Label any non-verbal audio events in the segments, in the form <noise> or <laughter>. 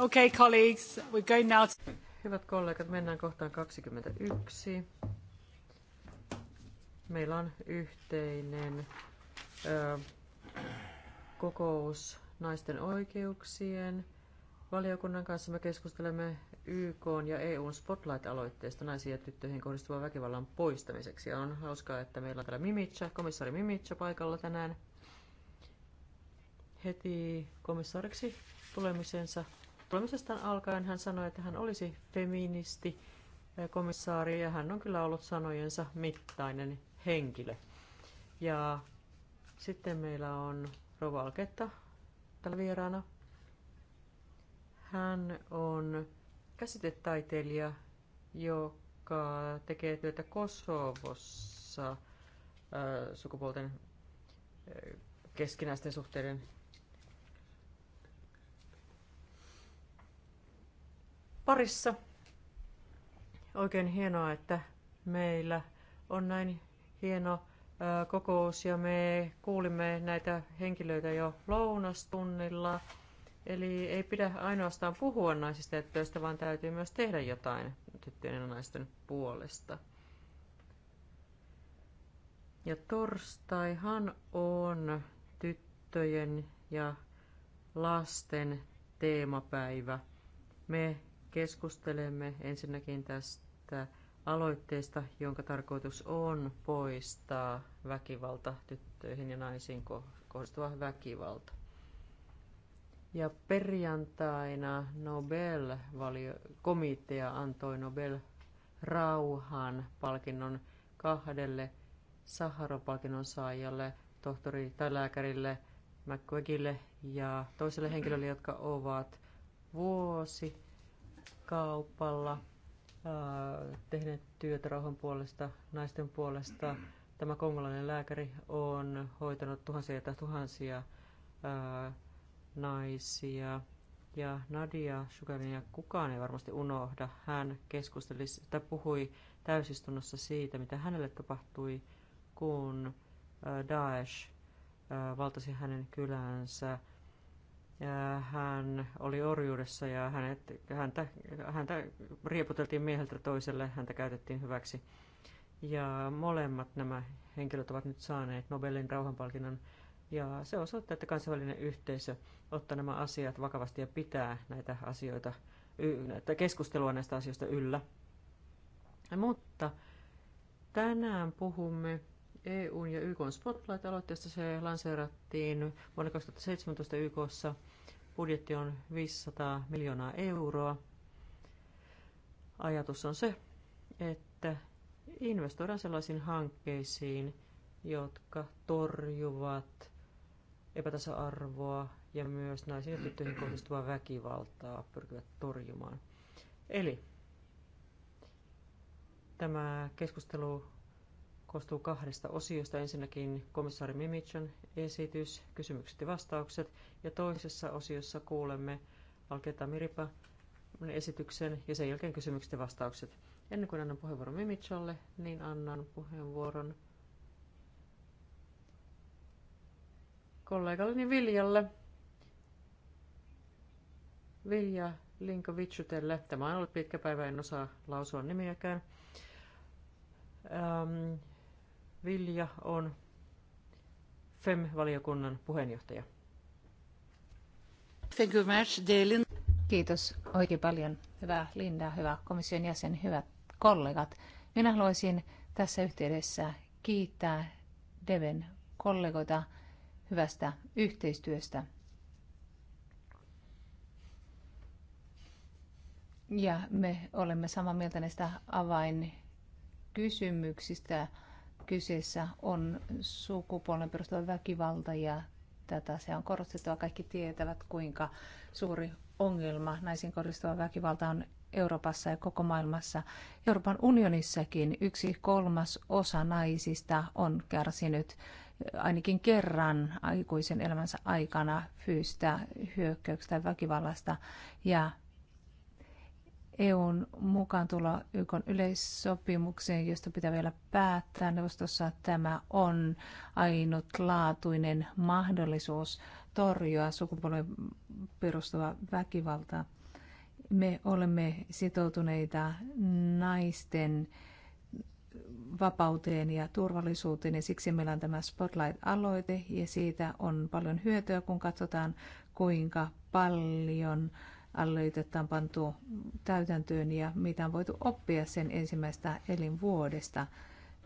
Okay, colleagues, we're going now to... Hyvät kollegat, mennään kohtaan 21. Meillä on yhteinen ö, kokous naisten oikeuksien valiokunnan kanssa. Me keskustelemme YK ja EUn Spotlight-aloitteesta naisiin ja tyttöihin kohdistuvan väkivallan poistamiseksi. Ja on hauskaa, että meillä on täällä Mimitsa, komissaari Mimitsa paikalla tänään heti komissaariksi tulemisensa Toimisestaan alkaen hän sanoi, että hän olisi feministi eh, komissaari ja hän on kyllä ollut sanojensa mittainen henkilö. Ja sitten meillä on Rova Alketta täällä vieraana. Hän on käsitetaiteilija, joka tekee työtä Kosovossa eh, sukupuolten eh, keskinäisten suhteiden parissa. Oikein hienoa, että meillä on näin hieno kokous ja me kuulimme näitä henkilöitä jo lounastunnilla. Eli ei pidä ainoastaan puhua naisista ja tytöistä, vaan täytyy myös tehdä jotain tyttöjen ja naisten puolesta. Ja torstaihan on tyttöjen ja lasten teemapäivä. Me Keskustelemme ensinnäkin tästä aloitteesta, jonka tarkoitus on poistaa väkivalta tyttöihin ja naisiin kohdistuva väkivalta. Ja perjantaina Nobel-komitea antoi Nobel-rauhan palkinnon kahdelle Saharo-palkinnon saajalle, tohtori tai lääkärille McQuaggille ja toiselle henkilölle, jotka ovat vuosi kaupalla tehneet työtä rauhan puolesta, naisten puolesta. Tämä kongolainen lääkäri on hoitanut tuhansia ja tuhansia ää, naisia. Ja Nadia Sugarinia kukaan ei varmasti unohda. Hän keskusteli tai puhui täysistunnossa siitä, mitä hänelle tapahtui, kun Daesh valtasi hänen kylänsä hän oli orjuudessa ja hänet, häntä, häntä rieputeltiin mieheltä toiselle, häntä käytettiin hyväksi. Ja molemmat nämä henkilöt ovat nyt saaneet Nobelin rauhanpalkinnon ja se osoittaa, että kansainvälinen yhteisö ottaa nämä asiat vakavasti ja pitää näitä asioita, näitä keskustelua näistä asioista yllä. Mutta tänään puhumme EUn ja YKn Spotlight-aloitteesta. Se lanseerattiin vuonna 2017 YKssa. Budjetti on 500 miljoonaa euroa. Ajatus on se, että investoidaan sellaisiin hankkeisiin, jotka torjuvat epätasa-arvoa ja myös naisiin ja tyttöihin kohdistuvaa väkivaltaa pyrkivät torjumaan. Eli tämä keskustelu koostuu kahdesta osiosta. Ensinnäkin komissaari Mimichan esitys, kysymykset ja vastaukset. Ja toisessa osiossa kuulemme Alketa Miripa esityksen ja sen jälkeen kysymykset ja vastaukset. Ennen kuin annan puheenvuoron Mimichalle, niin annan puheenvuoron kollegalleni Viljalle. Vilja Linkovitsutelle. Tämä on ollut pitkä päivä, en osaa lausua nimiäkään. Ähm, Vilja on FEM-valiokunnan puheenjohtaja. Thank you much, Kiitos oikein paljon. Hyvä Linda, hyvä komission jäsen, hyvät kollegat. Minä haluaisin tässä yhteydessä kiittää Deven kollegoita hyvästä yhteistyöstä. Ja me olemme samaa mieltä näistä avainkysymyksistä. kysymyksistä kyseessä on sukupuolen perustuva väkivalta ja tätä se on korostettava. Kaikki tietävät, kuinka suuri ongelma naisiin kohdistuva väkivalta on Euroopassa ja koko maailmassa. Euroopan unionissakin yksi kolmas osa naisista on kärsinyt ainakin kerran aikuisen elämänsä aikana fyystä, hyökkäyksestä tai väkivallasta. Ja EUn mukaantulo tulla YK yleissopimukseen, josta pitää vielä päättää neuvostossa. Tämä on ainutlaatuinen mahdollisuus torjua sukupuolen perustuva väkivaltaa. Me olemme sitoutuneita naisten vapauteen ja turvallisuuteen ja siksi meillä on tämä Spotlight-aloite ja siitä on paljon hyötyä, kun katsotaan kuinka paljon – aloitetta on pantu täytäntöön ja mitä on voitu oppia sen ensimmäistä elinvuodesta.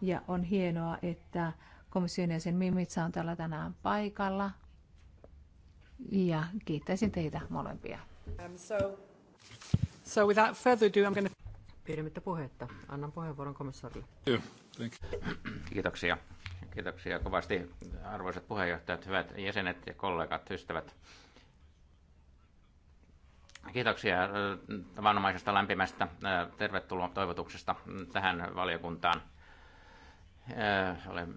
Ja on hienoa, että komission jäsen Mimitsa on täällä tänään paikalla. Ja kiittäisin teitä molempia. Um, so, so without further ado, I'm gonna... Pidemmittä puhetta. Annan puheenvuoron komissaarille. Kiitoksia. Kiitoksia kovasti arvoisat puheenjohtajat, hyvät jäsenet ja kollegat, ystävät. Kiitoksia äh, tavanomaisesta lämpimästä äh, tervetuloa toivotuksesta tähän valiokuntaan. Äh, olen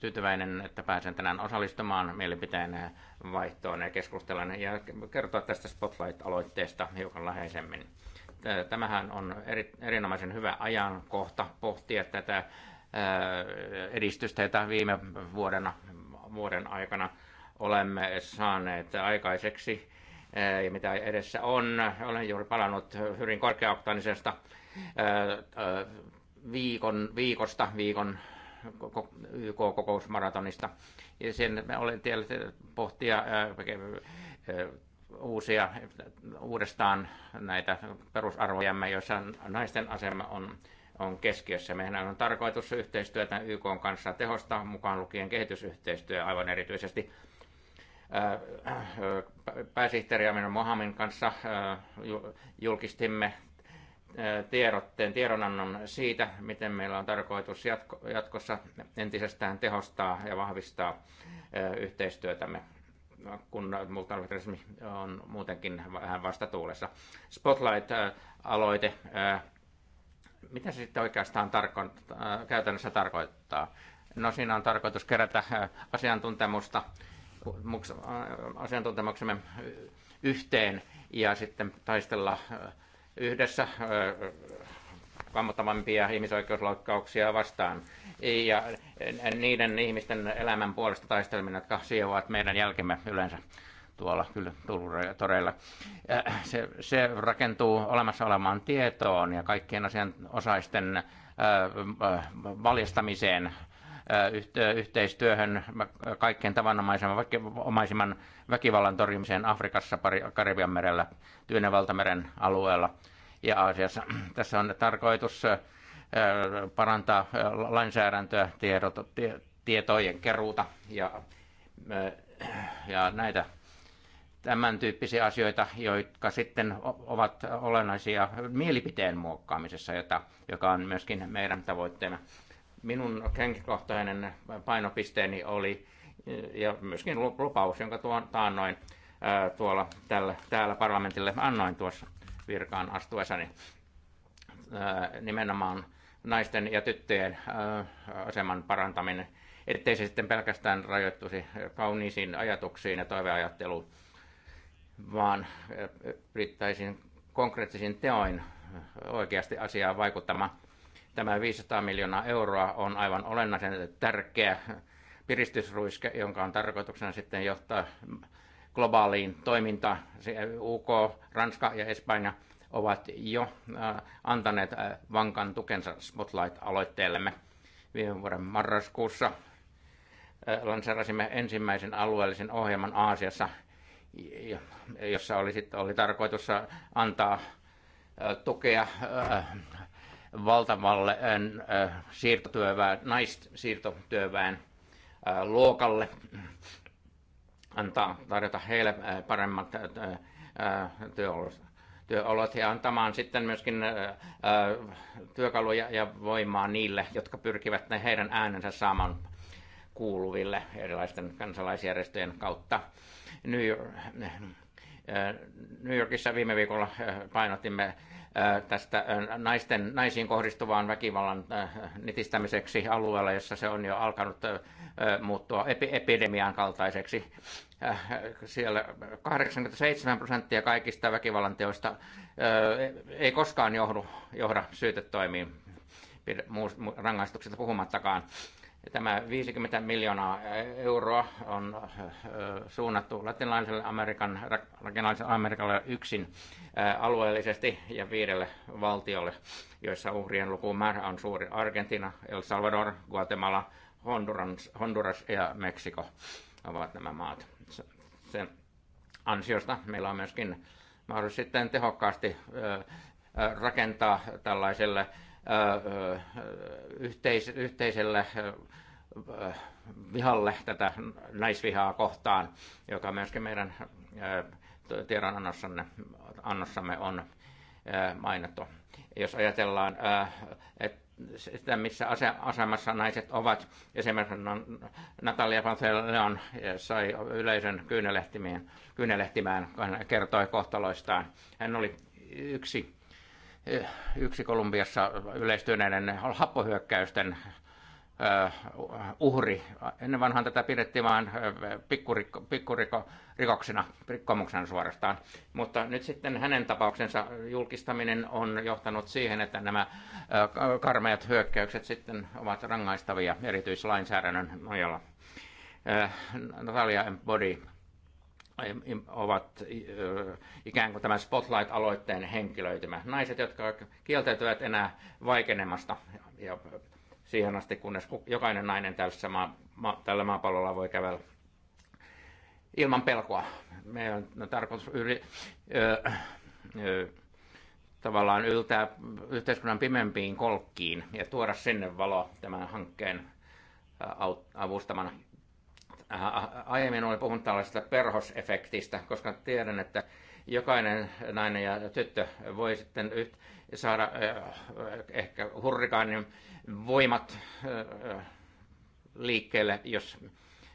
tyytyväinen, että pääsen tänään osallistumaan mielipiteen vaihtoon ja keskustelun ja kertoa tästä Spotlight-aloitteesta hiukan läheisemmin. Tämähän on eri, erinomaisen hyvä ajankohta pohtia tätä edistystä, jota viime vuodena, vuoden aikana olemme saaneet aikaiseksi ja mitä edessä on. Olen juuri palannut hyvin korkeaoktaanisesta viikon, viikosta, viikon YK-kokousmaratonista. Ja sen me olen tiellä pohtia uusia, uudestaan näitä perusarvojamme, joissa naisten asema on on keskiössä. Meidän on tarkoitus yhteistyötä YK kanssa tehostaa, mukaan lukien kehitysyhteistyö aivan erityisesti Äh, äh, pääsihteeri Amin Mohamin kanssa äh, julkistimme tiedotteen, tiedonannon siitä, miten meillä on tarkoitus jatkossa entisestään tehostaa ja vahvistaa yhteistyötämme, kun multilateralismi on muutenkin vähän vastatuulessa. Spotlight-aloite, mitä se sitten oikeastaan tarko- käytännössä tarkoittaa? No siinä on tarkoitus kerätä asiantuntemusta asiantuntemuksemme yhteen ja sitten taistella yhdessä kammottavampia ihmisoikeusloukkauksia vastaan ja niiden ihmisten elämän puolesta taisteleminen, jotka siivoavat meidän jälkemme yleensä tuolla kyllä toreilla. Se, se rakentuu olemassa olemaan tietoon ja kaikkien asian osaisten valjastamiseen yhteistyöhön kaikkein tavanomaisimman väkivallan torjumiseen Afrikassa, Karibian merellä, Tyynevaltameren alueella ja Aasiassa. <clears throat> Tässä on tarkoitus parantaa lainsäädäntöä, tiedot, tietojen keruuta ja, <clears throat> ja näitä tämän tyyppisiä asioita, jotka sitten ovat olennaisia mielipiteen muokkaamisessa, jota, joka on myöskin meidän tavoitteena minun henkilökohtainen painopisteeni oli, eh, ja myöskin lupaus, jonka tuon taannoin eh, tuolla tällä, täällä parlamentille annoin tuossa virkaan astuessani eh, nimenomaan naisten ja tyttöjen aseman parantaminen, ettei se sitten pelkästään rajoittuisi kauniisiin ajatuksiin ja toiveajatteluun, vaan pyrittäisiin konkreettisin teoin oikeasti asiaan vaikuttamaan – Tämä 500 miljoonaa euroa on aivan olennaisen tärkeä piristysruiske, jonka on tarkoituksena sitten johtaa globaaliin toimintaan. UK, Ranska ja Espanja ovat jo antaneet vankan tukensa Spotlight-aloitteellemme. Viime vuoden marraskuussa lanseerasimme ensimmäisen alueellisen ohjelman Aasiassa, jossa oli, sit, oli tarkoitus antaa tukea valtavalle äh, siirtotyöväen, naissiirtotyöväen äh, luokalle, antaa, tarjota heille äh, paremmat työolot, työolot ja antamaan sitten myöskin työkaluja ja voimaa niille, jotka pyrkivät ne heidän äänensä saamaan kuuluville erilaisten kansalaisjärjestöjen kautta. New York, New Yorkissa viime viikolla painotimme tästä naisten, naisiin kohdistuvaan väkivallan nitistämiseksi alueella, jossa se on jo alkanut muuttua epidemian kaltaiseksi. Siellä 87 prosenttia kaikista väkivallan teoista ei koskaan johdu, johda syytetoimiin rangaistuksista puhumattakaan. Tämä 50 miljoonaa eh, euroa on eh, suunnattu latinalaiselle Amerikan, latinalaiselle Amerikalle yksin eh, alueellisesti ja viidelle valtiolle, joissa uhrien lukumäärä on suuri. Argentina, El Salvador, Guatemala, Honduras, Honduras ja Meksiko ovat nämä maat. Sen ansiosta meillä on myöskin mahdollisuus sitten tehokkaasti rakentaa tällaiselle yhteis- yhteiselle vihalle tätä naisvihaa kohtaan, joka myöskin meidän tiedonannossamme on mainittu. Jos ajatellaan, että sitä, missä asemassa naiset ovat. Esimerkiksi Natalia Panteleon sai yleisön kyynelehtimään, kyynelehtimään, kun hän kertoi kohtaloistaan. Hän oli yksi yksi Kolumbiassa yleistyneiden happohyökkäysten uhri. Ennen vanhan tätä pidettiin vain pikkuriko, pikkurikoksena, rikkomuksena suorastaan. Mutta nyt sitten hänen tapauksensa julkistaminen on johtanut siihen, että nämä karmeat hyökkäykset sitten ovat rangaistavia erityislainsäädännön nojalla. Natalia Body ovat ikään kuin tämän Spotlight-aloitteen henkilöitymä. Naiset, jotka kieltäytyvät enää vaikenemasta ja siihen asti, kunnes jokainen nainen tässä maa, tällä maapallolla voi kävellä ilman pelkoa. Meidän on no, tarkoitus yri, ö, ö, tavallaan yltää yhteiskunnan pimempiin kolkkiin ja tuoda sinne valo tämän hankkeen avustamana Äh, äh, aiemmin olen puhunut tällaisesta perhosefektistä, koska tiedän, että jokainen nainen ja tyttö voi sitten yht, saada äh, ehkä hurrikaanin niin voimat liikkeelle, jos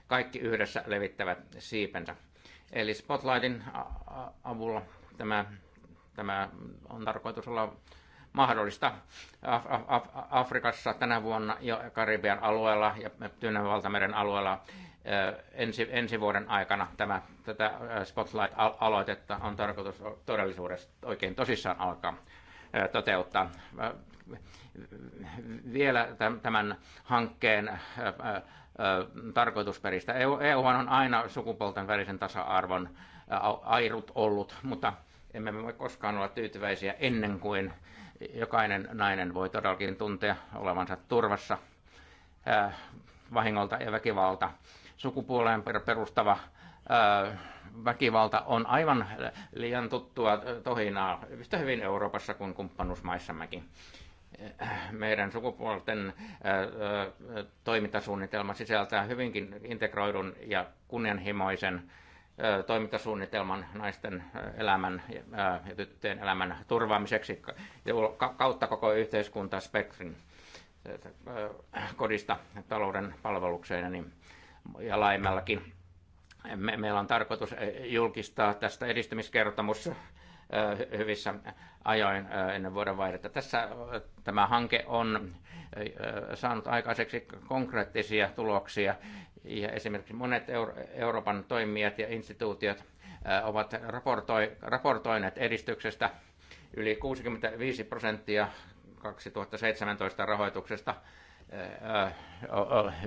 kaikki yhdessä levittävät siipensä. Eli Spotlightin avulla tämä, tämä on tarkoitus olla mahdollista Af- Af- Af- Afrikassa tänä vuonna ja Karibian alueella ja Tyynenvaltameren alueella eh, ensi, ensi vuoden aikana tämä, tätä eh, Spotlight-aloitetta on tarkoitus todellisuudessa oikein tosissaan alkaa eh, toteuttaa. Vielä tämän hankkeen tarkoitusperistä. EU e on aina sukupuolten välisen tasa-arvon airut ollut, mutta emme voi koskaan olla tyytyväisiä ennen kuin jokainen nainen voi todellakin tuntea olevansa turvassa äh, vahingolta ja väkivalta. Sukupuoleen perustava äh, väkivalta on aivan liian tuttua äh, tohinaa, yhtä hyvin Euroopassa kuin kumppanuusmaissammekin. Meidän sukupuolten toimintasuunnitelma sisältää hyvinkin integroidun ja kunnianhimoisen toimintasuunnitelman naisten elämän ja tyttöjen elämän turvaamiseksi kautta koko yhteiskuntaspektrin kodista talouden palvelukseen ja, niin, laajemmallakin. meillä on tarkoitus e, julkistaa tästä edistymiskertomus hyvissä ajoin ennen vuodenvaihdetta. Tässä tämä hanke on saanut aikaiseksi konkreettisia tuloksia. Ja esimerkiksi monet Euroopan toimijat ja instituutiot ovat raportoi, raportoineet edistyksestä yli 65 prosenttia 2017 rahoituksesta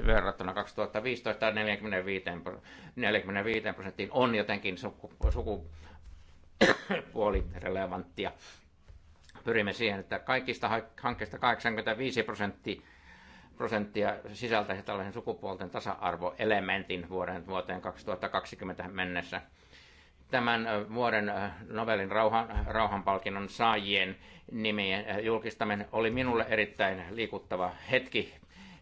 verrattuna 2015 45, 45 prosenttiin on jotenkin suku, sukupuolirelevanttia pyrimme siihen, että kaikista hankkeista 85 prosenttia prosenttia sisältäisi tällaisen sukupuolten tasa-arvoelementin vuoden, vuoteen 2020 mennessä. Tämän vuoden novelin rauhan, rauhanpalkinnon saajien nimien julkistaminen oli minulle erittäin liikuttava hetki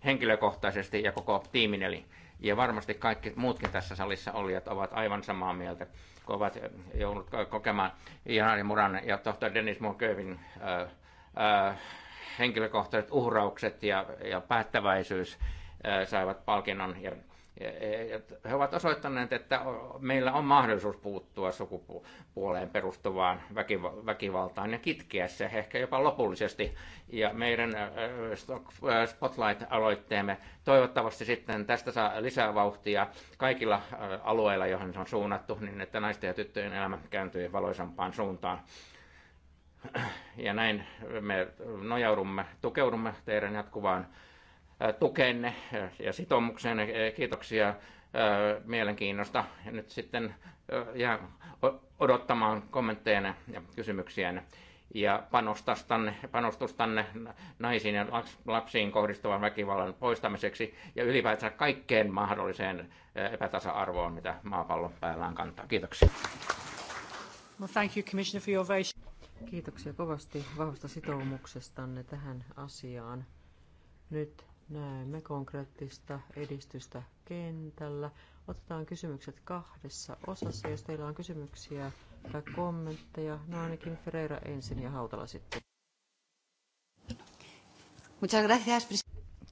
henkilökohtaisesti ja koko tiimin eli ja varmasti kaikki muutkin tässä salissa olijat ovat aivan samaa mieltä, kun ovat eh, joudut kokemaan Janari Muran ja tohtori Dennis Munkövin eh, eh, henkilökohtaiset uhraukset ja, ja päättäväisyys saivat palkinnon ja he ovat osoittaneet, että meillä on mahdollisuus puuttua sukupuoleen perustuvaan väkivaltaan ja kitkeä se ehkä jopa lopullisesti. Ja meidän Spotlight-aloitteemme toivottavasti sitten tästä saa lisää vauhtia kaikilla alueilla, johon se on suunnattu, niin että naisten ja tyttöjen elämä kääntyy valoisampaan suuntaan. Ja näin me nojaudumme, tukeudumme teidän jatkuvaan tukenne ja sitoumuksen. Kiitoksia mielenkiinnosta. Ja nyt sitten jään odottamaan kommentteja ja kysymyksiä ja panostustanne, panostustanne naisiin ja lapsiin kohdistuvan väkivallan poistamiseksi ja ylipäätään kaikkeen mahdolliseen epätasa-arvoon, mitä maapallo päällään kantaa. Kiitoksia. Well, thank you, Commissioner, for your very... Kiitoksia kovasti vahvasta sitoumuksestanne tähän asiaan. Nyt näemme konkreettista edistystä kentällä. Otetaan kysymykset kahdessa osassa. Jos teillä on kysymyksiä tai kommentteja, no ainakin Ferreira ensin ja Hautala sitten.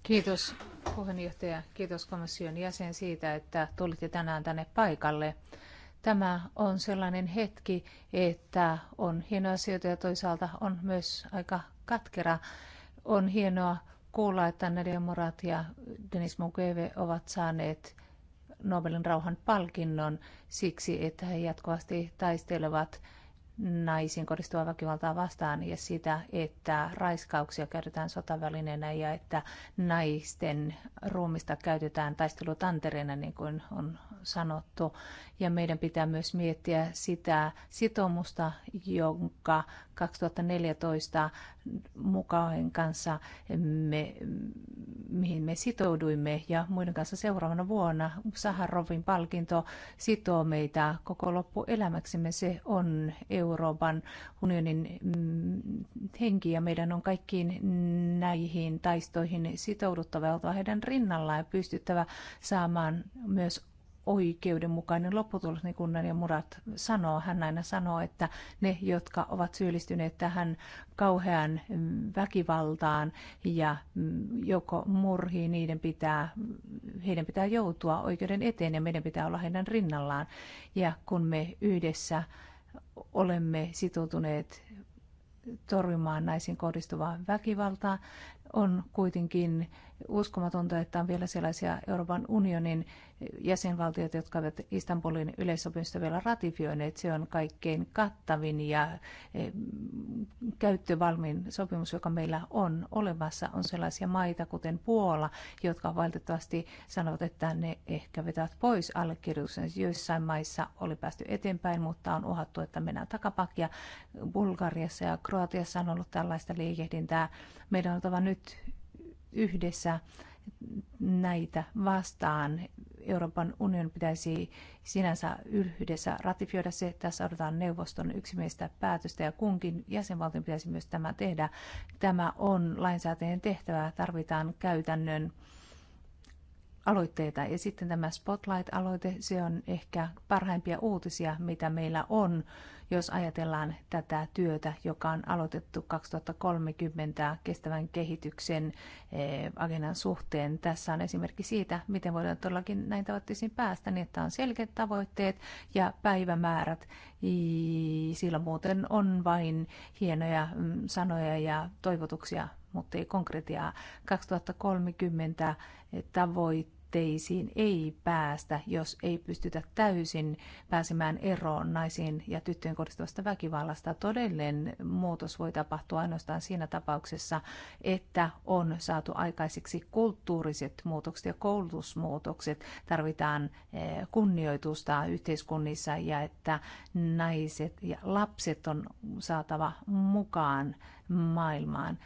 Kiitos puheenjohtaja, kiitos komission jäsen siitä, että tulitte tänään tänne paikalle. Tämä on sellainen hetki, että on hienoja asioita ja toisaalta on myös aika katkera. On hienoa kuulla, että Nadia Morat ja Denis Mukwege ovat saaneet Nobelin rauhan palkinnon siksi, että he jatkuvasti taistelevat naisiin kohdistuvaa väkivaltaa vastaan ja sitä, että raiskauksia käytetään sotavälineenä ja että naisten ruumista käytetään taistelutantereina, niin kuin on sanottu. Ja meidän pitää myös miettiä sitä sitoumusta, jonka 2014 mukaan kanssa me, mihin me sitouduimme ja muiden kanssa seuraavana vuonna Saharovin palkinto sitoo meitä koko loppuelämäksemme. Se on Euroopan unionin mm, henki ja meidän on kaikkiin näihin taistoihin sitouduttava ja oltava heidän rinnallaan ja pystyttävä saamaan myös oikeudenmukainen lopputulos, niin kuin ja Murat sanoo. Hän aina sanoo, että ne, jotka ovat syyllistyneet tähän kauhean väkivaltaan ja joko murhiin, niiden pitää, heidän pitää joutua oikeuden eteen ja meidän pitää olla heidän rinnallaan. Ja kun me yhdessä olemme sitoutuneet torjumaan naisiin kohdistuvaa väkivaltaa, on kuitenkin uskomatonta, että on vielä sellaisia Euroopan unionin jäsenvaltioita, jotka ovat Istanbulin yleissopimusta vielä ratifioineet. Se on kaikkein kattavin ja eh, käyttövalmiin sopimus, joka meillä on olemassa. On sellaisia maita, kuten Puola, jotka valitettavasti sanovat, että ne ehkä vetävät pois allekirjoituksen. Joissain maissa oli päästy eteenpäin, mutta on uhattu, että mennään takapakia. Bulgariassa ja Kroatiassa on ollut tällaista liikehdintää. Meidän on oltava nyt yhdessä näitä vastaan. Euroopan union pitäisi sinänsä yhdessä ratifioida se. Tässä odotetaan neuvoston yksimielistä päätöstä ja kunkin jäsenvaltion pitäisi myös tämä tehdä. Tämä on lainsäätäjien tehtävä. Tarvitaan käytännön aloitteita. Ja sitten tämä Spotlight-aloite, se on ehkä parhaimpia uutisia, mitä meillä on jos ajatellaan tätä työtä, joka on aloitettu 2030 kestävän kehityksen eh, agendan suhteen. Tässä on esimerkki siitä, miten voidaan todellakin näin tavoitteisiin päästä, niin että on selkeät tavoitteet ja päivämäärät. Sillä muuten on vain hienoja mm, sanoja ja toivotuksia, mutta ei konkretiaa. 2030 tavoitteet tavoitteisiin ei päästä, jos ei pystytä täysin pääsemään eroon naisiin ja tyttöjen kohdistuvasta väkivallasta. Todellinen muutos voi tapahtua ainoastaan siinä tapauksessa, että on saatu aikaiseksi kulttuuriset muutokset ja koulutusmuutokset. Tarvitaan eh, kunnioitusta yhteiskunnissa ja että naiset ja lapset on saatava mukaan maailmaan.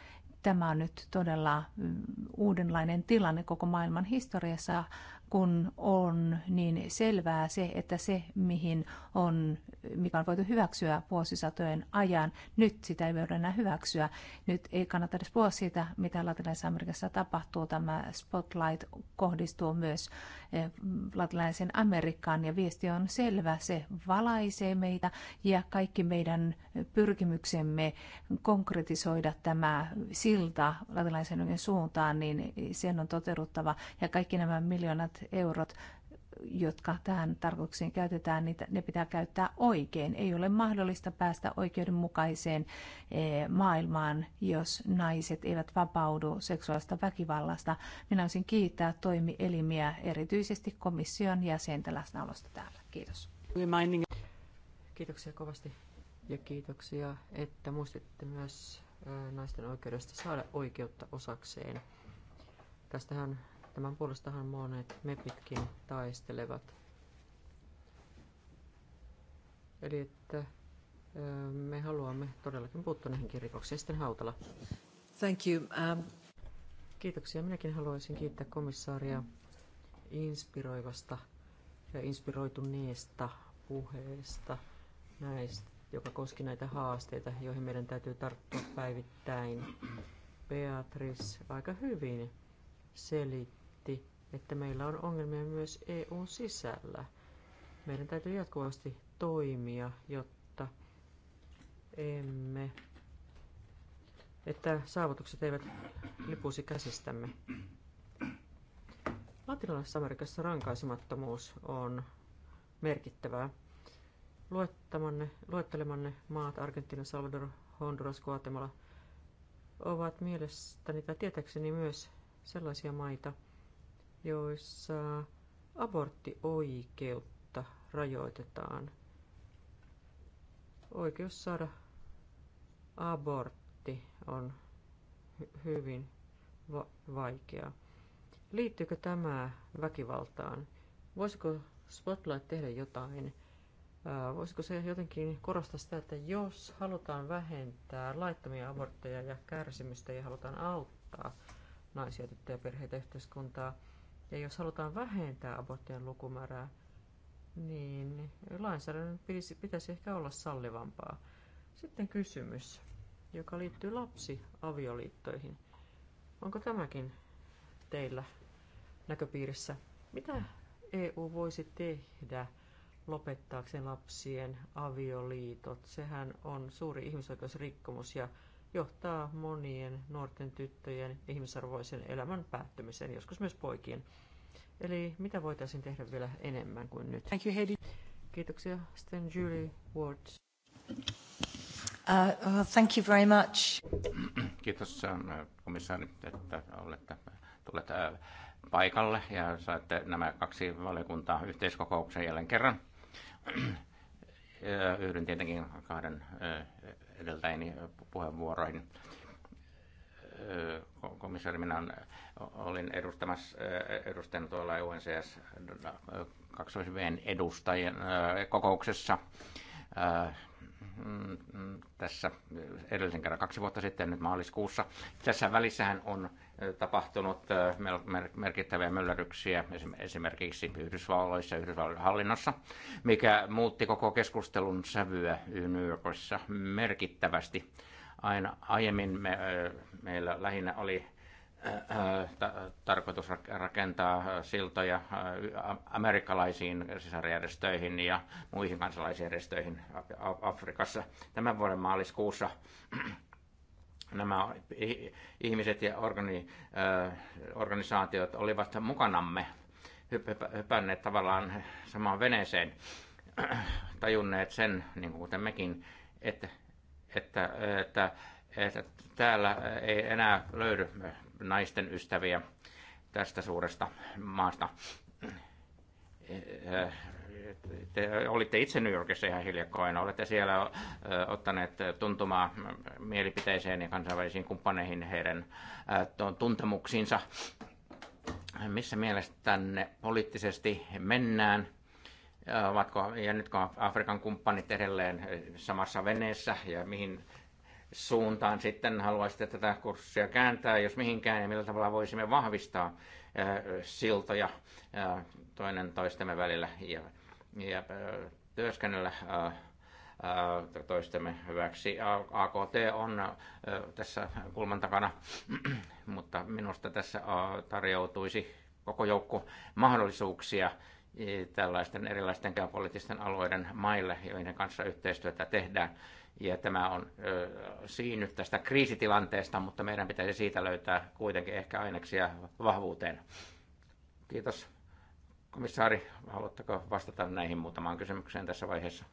Tämä on nyt todella mm, uudenlainen tilanne koko maailman historiassa, kun on niin selvää se, että se, mihin on, mikä on voitu hyväksyä vuosisatojen ajan, nyt sitä ei voida enää hyväksyä. Nyt ei kannata edes puhua siitä, mitä Latinalaisessa Amerikassa tapahtuu. Tämä spotlight kohdistuu myös eh, Latinalaisen Amerikkaan ja viesti on selvä. Se valaisee meitä ja kaikki meidän pyrkimyksemme konkretisoida tämä silta latinalaisen suuntaan, niin sen on toteuduttava. Ja kaikki nämä miljoonat eurot jotka tähän tarkoitukseen käytetään, niin ne pitää käyttää oikein. Ei ole mahdollista päästä oikeudenmukaiseen eh, maailmaan, jos naiset eivät vapaudu seksuaalista väkivallasta. Minä olisin kiittää toimielimiä, erityisesti komission jäsentä läsnäolosta täällä. Kiitos. Kiitoksia kovasti ja kiitoksia, että muistitte myös naisten oikeudesta saada oikeutta osakseen. Tästähän, tämän puolestahan monet mepitkin taistelevat. Eli että me haluamme todellakin puuttua näihinkin rikoksiin. Sitten Hautala. Thank you. Um... Kiitoksia. Minäkin haluaisin kiittää komissaaria inspiroivasta ja inspiroituneesta puheesta näistä joka koski näitä haasteita, joihin meidän täytyy tarttua päivittäin. Beatrice aika hyvin selitti, että meillä on ongelmia myös EUn sisällä. Meidän täytyy jatkuvasti toimia, jotta emme, että saavutukset eivät lipuisi käsistämme. Latinalaisessa Amerikassa rankaisemattomuus on merkittävää. Luettamanne, luettelemanne maat, Argentiina, Salvador, Honduras, Guatemala, ovat mielestäni tai tietääkseni myös sellaisia maita, joissa aborttioikeutta rajoitetaan. Oikeus saada abortti on hy- hyvin va- vaikea. Liittyykö tämä väkivaltaan? Voisiko Spotlight tehdä jotain? Äh, voisiko se jotenkin korostaa sitä, että jos halutaan vähentää laittomia abortteja ja kärsimystä ja halutaan auttaa naisia, tyttöjä, perheitä, yhteiskuntaa, ja jos halutaan vähentää aborttien lukumäärää, niin lainsäädännön pitäisi ehkä olla sallivampaa. Sitten kysymys, joka liittyy lapsiavioliittoihin. Onko tämäkin teillä näköpiirissä? Mitä EU voisi tehdä? lopettaakseen lapsien avioliitot. Sehän on suuri ihmisoikeusrikkomus ja johtaa monien nuorten tyttöjen ihmisarvoisen elämän päättymiseen, joskus myös poikien. Eli mitä voitaisiin tehdä vielä enemmän kuin nyt? Thank you, Heidi. Kiitoksia, Sten Julie Ward. Uh, thank you very much. Kiitos ähm, komissaari, että olette tulleet äh, paikalle ja saatte nämä kaksi valiokuntaa yhteiskokouksen jälleen kerran. Yhdyn tietenkin kahden edeltäjäni puheenvuoroihin komissaari, minä olin edustamassa, edustanut tuolla UNCS kaksoisveen edustajien kokouksessa mm, mm, tässä edellisen kerran kaksi vuotta sitten, nyt maaliskuussa. Tässä välissähän on tapahtunut merkittäviä myllerryksiä esimerkiksi Yhdysvalloissa ja Yhdysvallojen hallinnossa, mikä muutti koko keskustelun sävyä Nyrkossa merkittävästi. Aina aiemmin me, meillä lähinnä oli tarkoitus rakentaa siltoja amerikkalaisiin sisarjärjestöihin ja muihin kansalaisjärjestöihin Afrikassa. Tämän vuoden maaliskuussa nämä ihmiset ja organi, organisaatiot olivat mukanamme hypänneet tavallaan samaan veneeseen, <clears throat> tajunneet sen, niin kuten mekin, että, että, että, että täällä ei enää löydy naisten ystäviä tästä suuresta maasta. <clears throat> te olitte itse New Yorkissa ihan hiljakkoina, olette siellä ottaneet tuntumaa mielipiteeseen ja kansainvälisiin kumppaneihin heidän tuntemuksiinsa. Missä tänne poliittisesti mennään? Ovatko, ja kun Afrikan kumppanit edelleen samassa veneessä ja mihin suuntaan sitten haluaisitte tätä kurssia kääntää, jos mihinkään, ja millä tavalla voisimme vahvistaa siltoja toinen toistemme välillä ja ja työskennellä toistemme hyväksi. AKT on tässä kulman takana, <clears throat> mutta minusta tässä tarjoutuisi koko joukko mahdollisuuksia tällaisten erilaisten geopoliittisten alueiden maille, joiden kanssa yhteistyötä tehdään. Ja tämä on siinä tästä kriisitilanteesta, mutta meidän pitäisi siitä löytää kuitenkin ehkä aineksia vahvuuteen. Kiitos. Komissaari, haluatteko vastata näihin muutamaan kysymykseen tässä vaiheessa?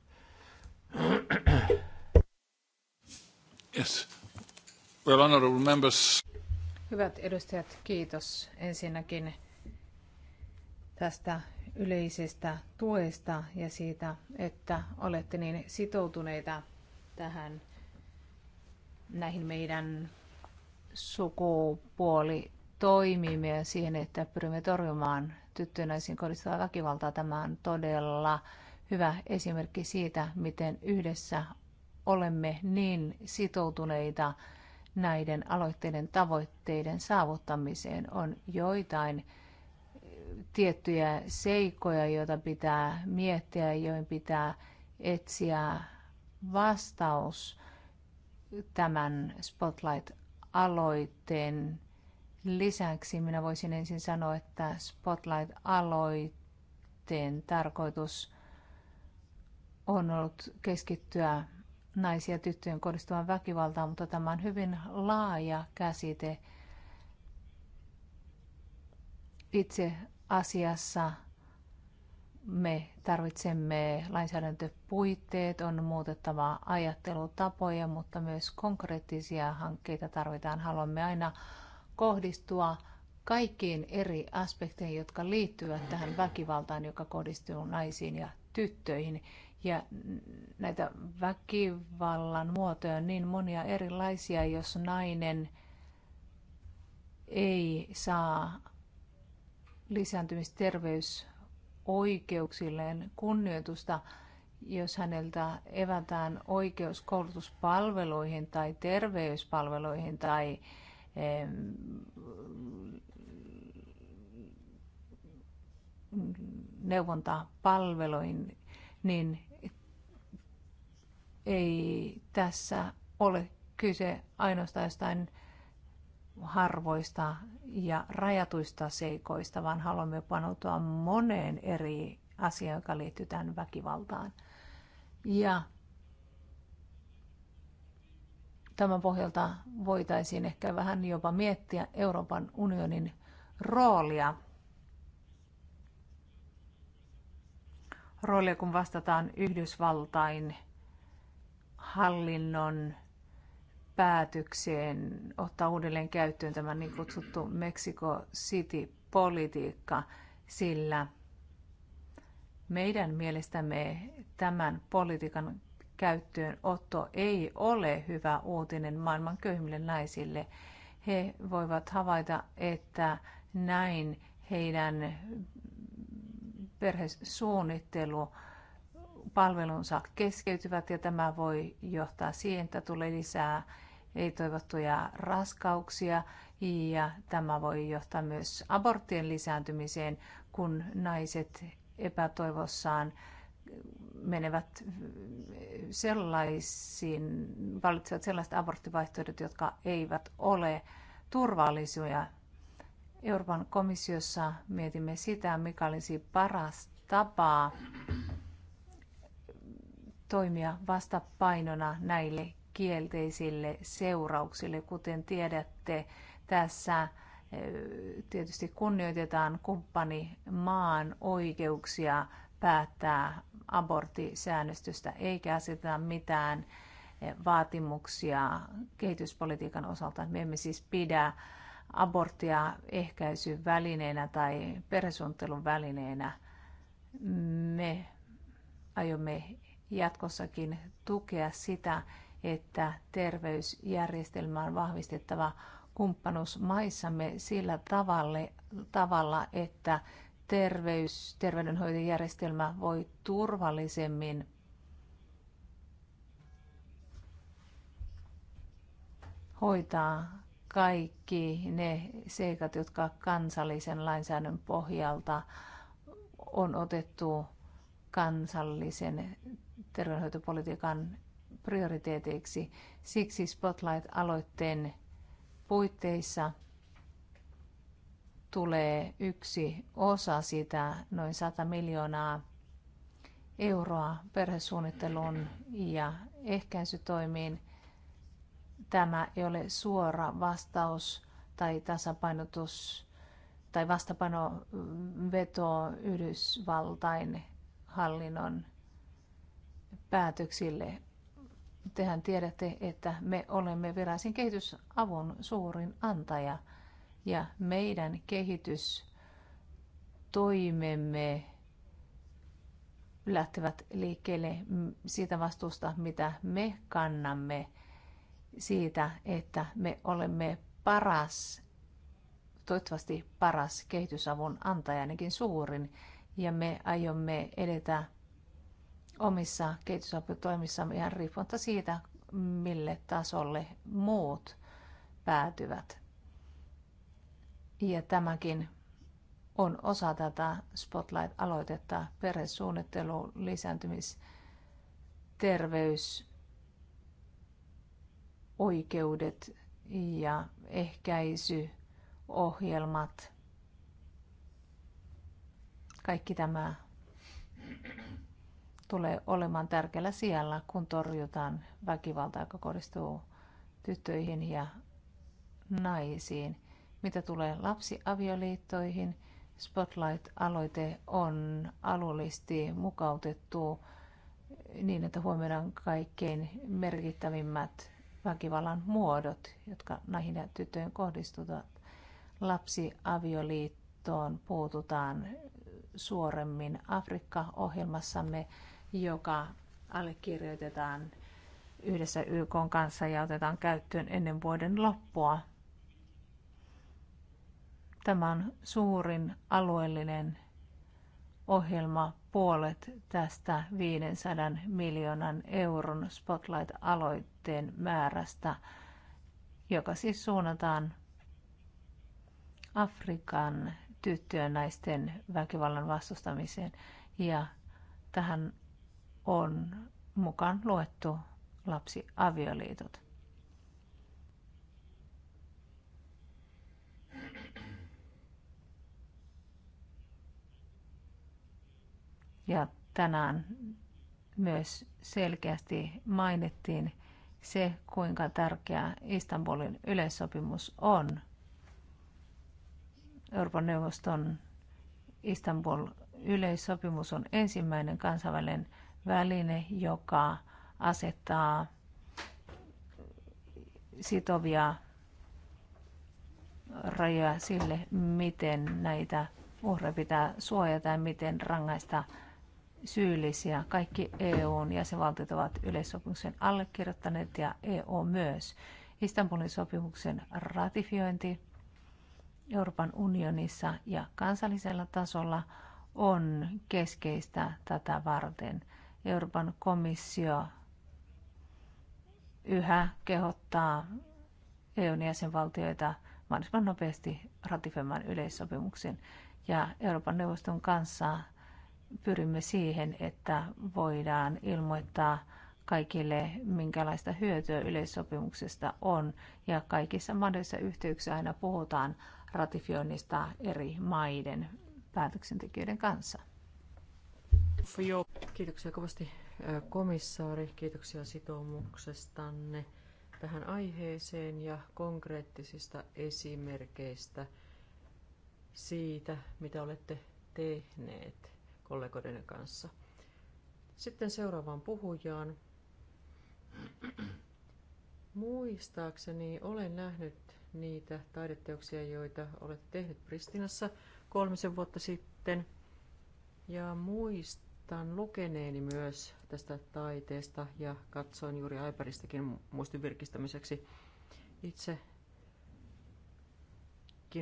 Yes. Well, honorable members. Hyvät edustajat, kiitos ensinnäkin tästä yleisestä tuesta ja siitä, että olette niin sitoutuneita tähän näihin meidän sukupuolitoimimme ja siihen, että pyrimme torjumaan tyttöjen naisiin kohdistuvaa väkivaltaa. Tämä on todella hyvä esimerkki siitä, miten yhdessä olemme niin sitoutuneita näiden aloitteiden tavoitteiden saavuttamiseen. On joitain tiettyjä seikkoja, joita pitää miettiä, joihin pitää etsiä vastaus tämän Spotlight-aloitteen lisäksi minä voisin ensin sanoa, että Spotlight-aloitteen tarkoitus on ollut keskittyä naisia ja tyttöjen kohdistuvan väkivaltaan, mutta tämä on hyvin laaja käsite. Itse asiassa me tarvitsemme lainsäädäntöpuitteet, on muutettava ajattelutapoja, mutta myös konkreettisia hankkeita tarvitaan. Haluamme aina kohdistua kaikkiin eri aspekteihin, jotka liittyvät tähän väkivaltaan, joka kohdistuu naisiin ja tyttöihin. Ja näitä väkivallan muotoja on niin monia erilaisia, jos nainen ei saa lisääntymisterveysoikeuksilleen kunnioitusta, jos häneltä evätään oikeus koulutuspalveluihin tai terveyspalveluihin tai neuvontapalveluin, niin ei tässä ole kyse ainoastaan jostain harvoista ja rajatuista seikoista, vaan haluamme panoutua moneen eri asiaan, joka liittyy tähän väkivaltaan. Ja tämän pohjalta voitaisiin ehkä vähän jopa miettiä Euroopan unionin roolia. Roolia, kun vastataan Yhdysvaltain hallinnon päätökseen ottaa uudelleen käyttöön tämä niin kutsuttu Mexico City-politiikka, sillä meidän mielestämme tämän politiikan käyttöönotto ei ole hyvä uutinen maailman köyhimmille naisille. He voivat havaita, että näin heidän perhesuunnittelu palvelunsa keskeytyvät ja tämä voi johtaa siihen, että tulee lisää ei-toivottuja raskauksia ja tämä voi johtaa myös aborttien lisääntymiseen, kun naiset epätoivossaan menevät sellaisiin, valitsevat sellaiset aborttivaihtoehdot, jotka eivät ole turvallisia. Euroopan komissiossa mietimme sitä, mikä olisi paras tapa toimia vastapainona näille kielteisille seurauksille. Kuten tiedätte, tässä eh, tietysti kunnioitetaan kumppanimaan oikeuksia päättää aborttisäännöstystä eikä aseteta mitään vaatimuksia kehityspolitiikan osalta. Me emme siis pidä aborttia ehkäisyn välineenä tai perhesuunnittelun välineenä. Me aiomme jatkossakin tukea sitä, että terveysjärjestelmä on vahvistettava kumppanuusmaissamme sillä tavalla, että terveys, terveydenhoitojärjestelmä voi turvallisemmin hoitaa kaikki ne seikat, jotka kansallisen lainsäädännön pohjalta on otettu kansallisen terveydenhoitopolitiikan prioriteeteiksi. Siksi Spotlight-aloitteen puitteissa – tulee yksi osa sitä, noin 100 miljoonaa euroa perhesuunnitteluun ja ehkäisytoimiin. Tämä ei ole suora vastaus tai tasapainotus tai vastapano veto Yhdysvaltain hallinnon päätöksille. Tehän tiedätte, että me olemme virallisen kehitysavun suurin antaja – ja meidän kehitystoimemme lähtevät liikkeelle siitä vastuusta, mitä me kannamme siitä, että me olemme paras, toivottavasti paras kehitysavun antaja, ainakin suurin, ja me aiomme edetä omissa kehitysaputoimissamme ihan riippumatta siitä, mille tasolle muut päätyvät. Ja tämäkin on osa tätä Spotlight-aloitetta, perhesuunnittelu, lisääntymis, terveys, oikeudet ja ehkäisyohjelmat. Kaikki tämä tulee olemaan tärkeällä siellä, kun torjutaan väkivaltaa, joka kohdistuu tyttöihin ja naisiin. Mitä tulee lapsiavioliittoihin, Spotlight-aloite on alueellisesti mukautettu niin, että huomioidaan kaikkein merkittävimmät väkivallan muodot, jotka näihin tyttöihin kohdistuvat. Lapsiavioliittoon puututaan suoremmin Afrikka-ohjelmassamme, joka allekirjoitetaan yhdessä YK kanssa ja otetaan käyttöön ennen vuoden loppua tämän suurin alueellinen ohjelma puolet tästä 500 miljoonan euron Spotlight-aloitteen määrästä, joka siis suunnataan Afrikan tyttöjen naisten väkivallan vastustamiseen. Ja tähän on mukaan luettu lapsiavioliitot. Ja tänään myös selkeästi mainittiin se, kuinka tärkeä Istanbulin yleissopimus on. Euroopan neuvoston Istanbul-yleissopimus on ensimmäinen kansainvälinen väline, joka asettaa sitovia rajoja sille, miten näitä uhreja pitää suojata ja miten rangaista syyllisiä. Kaikki EUn jäsenvaltiot ovat yleissopimuksen allekirjoittaneet ja EU myös. Istanbulin sopimuksen ratifiointi Euroopan unionissa ja kansallisella tasolla on keskeistä tätä varten. Euroopan komissio yhä kehottaa EUn jäsenvaltioita mahdollisimman nopeasti ratifioimaan yleissopimuksen ja Euroopan neuvoston kanssa pyrimme siihen, että voidaan ilmoittaa kaikille, minkälaista hyötyä yleissopimuksesta on. Ja kaikissa mahdollisissa yhteyksissä aina puhutaan ratifioinnista eri maiden päätöksentekijöiden kanssa. Kiitoksia kovasti komissaari, kiitoksia sitoumuksestanne tähän aiheeseen ja konkreettisista esimerkkeistä siitä, mitä olette tehneet kollegoiden kanssa. Sitten seuraavaan puhujaan. Muistaakseni olen nähnyt niitä taideteoksia, joita olet tehnyt Pristinassa kolmisen vuotta sitten. Ja muistan lukeneeni myös tästä taiteesta ja katsoin juuri iPadistakin muistin virkistämiseksi. Itsekin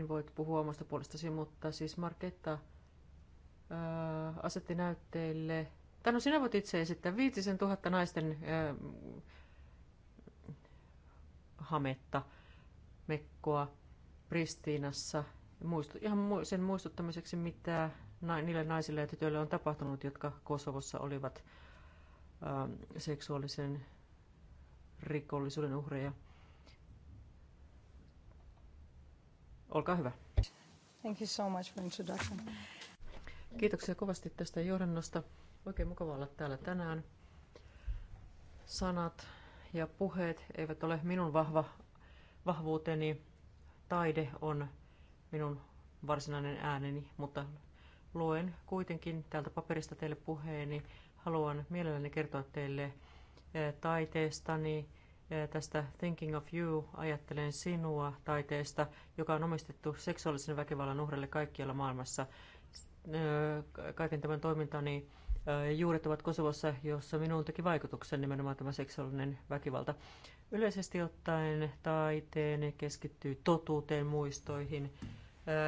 voit puhua omasta puolestasi, mutta siis Marketta Äh, asetti näytteille, tai no sinä voit itse esittää viitisen tuhatta naisten äh, hametta, mekkoa Pristiinassa, muistu, ihan sen muistuttamiseksi, mitä niille naisille ja tytöille on tapahtunut, jotka Kosovossa olivat äh, seksuaalisen rikollisuuden uhreja. Olkaa hyvä. Thank you so much for introduction. Kiitoksia kovasti tästä johdannosta. Oikein mukava olla täällä tänään. Sanat ja puheet eivät ole minun vahva, vahvuuteni. Taide on minun varsinainen ääneni, mutta luen kuitenkin täältä paperista teille puheeni. Haluan mielelläni kertoa teille eh, taiteestani, eh, tästä Thinking of You, ajattelen sinua taiteesta, joka on omistettu seksuaalisen väkivallan uhrille kaikkialla maailmassa kaiken tämän toimintani juuret ovat Kosovossa, jossa minuun teki vaikutuksen nimenomaan tämä seksuaalinen väkivalta. Yleisesti ottaen taiteen keskittyy totuuteen, muistoihin.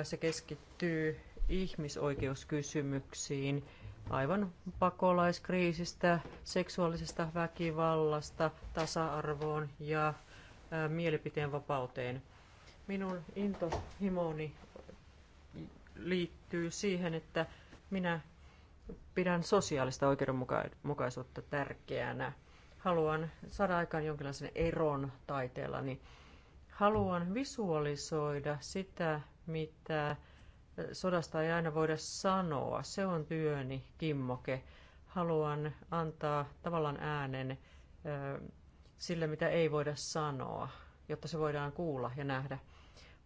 Se keskittyy ihmisoikeuskysymyksiin, aivan pakolaiskriisistä, seksuaalisesta väkivallasta, tasa-arvoon ja mielipiteen vapauteen. Minun intohimoni liittyy siihen, että minä pidän sosiaalista oikeudenmukaisuutta tärkeänä. Haluan saada aikaan jonkinlaisen eron niin Haluan visualisoida sitä, mitä sodasta ei aina voida sanoa. Se on työni kimmoke. Haluan antaa tavallaan äänen sille, mitä ei voida sanoa, jotta se voidaan kuulla ja nähdä.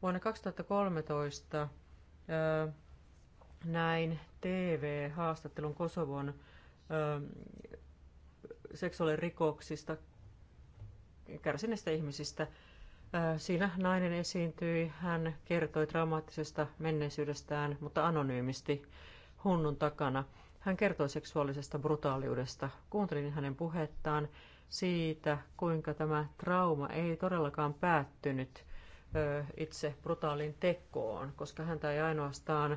Vuonna 2013 näin TV-haastattelun Kosovon seksuaalirikoksista kärsineistä ihmisistä. Siinä nainen esiintyi, hän kertoi traumaattisesta menneisyydestään, mutta anonyymisti hunnun takana. Hän kertoi seksuaalisesta brutaaliudesta. Kuuntelin hänen puhettaan siitä, kuinka tämä trauma ei todellakaan päättynyt itse brutaaliin tekoon, koska häntä ei ainoastaan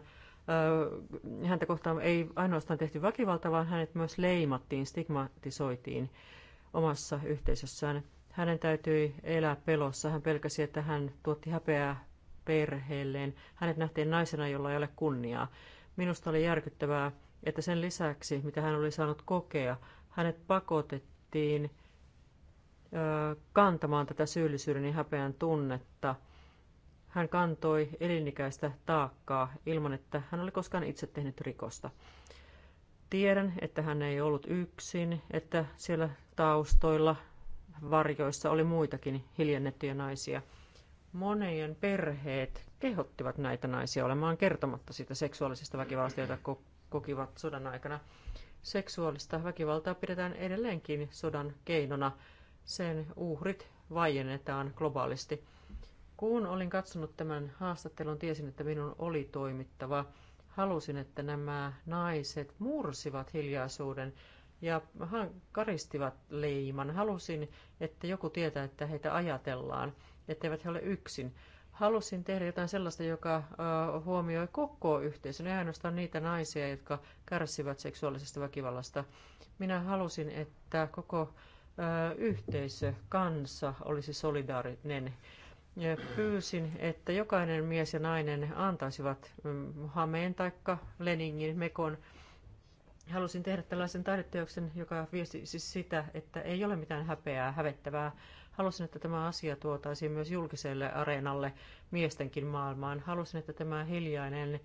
häntä kohtaan ei ainoastaan tehty väkivalta, vaan hänet myös leimattiin, stigmatisoitiin omassa yhteisössään. Hänen täytyi elää pelossa. Hän pelkäsi, että hän tuotti häpeää perheelleen. Hänet nähtiin naisena, jolla ei ole kunniaa. Minusta oli järkyttävää, että sen lisäksi, mitä hän oli saanut kokea, hänet pakotettiin kantamaan tätä syyllisyyden ja häpeän tunnetta. Hän kantoi elinikäistä taakkaa ilman, että hän oli koskaan itse tehnyt rikosta. Tiedän, että hän ei ollut yksin, että siellä taustoilla, varjoissa oli muitakin hiljennettyjä naisia. Monien perheet kehottivat näitä naisia olemaan kertomatta siitä seksuaalisesta väkivallasta, jota kokivat sodan aikana. Seksuaalista väkivaltaa pidetään edelleenkin sodan keinona sen uhrit vaiennetaan globaalisti. Kun olin katsonut tämän haastattelun, tiesin, että minun oli toimittava. Halusin, että nämä naiset mursivat hiljaisuuden ja karistivat leiman. Halusin, että joku tietää, että heitä ajatellaan, etteivät he ole yksin. Halusin tehdä jotain sellaista, joka huomioi koko yhteisön, ei ainoastaan niitä naisia, jotka kärsivät seksuaalisesta väkivallasta. Minä halusin, että koko yhteisö, kansa olisi solidaarinen. Pyysin, että jokainen mies ja nainen antaisivat mm, hameen taikka Leningin mekon. Halusin tehdä tällaisen taideteoksen, joka viesti siis sitä, että ei ole mitään häpeää, hävettävää. Halusin, että tämä asia tuotaisiin myös julkiselle areenalle miestenkin maailmaan. Halusin, että tämä hiljainen,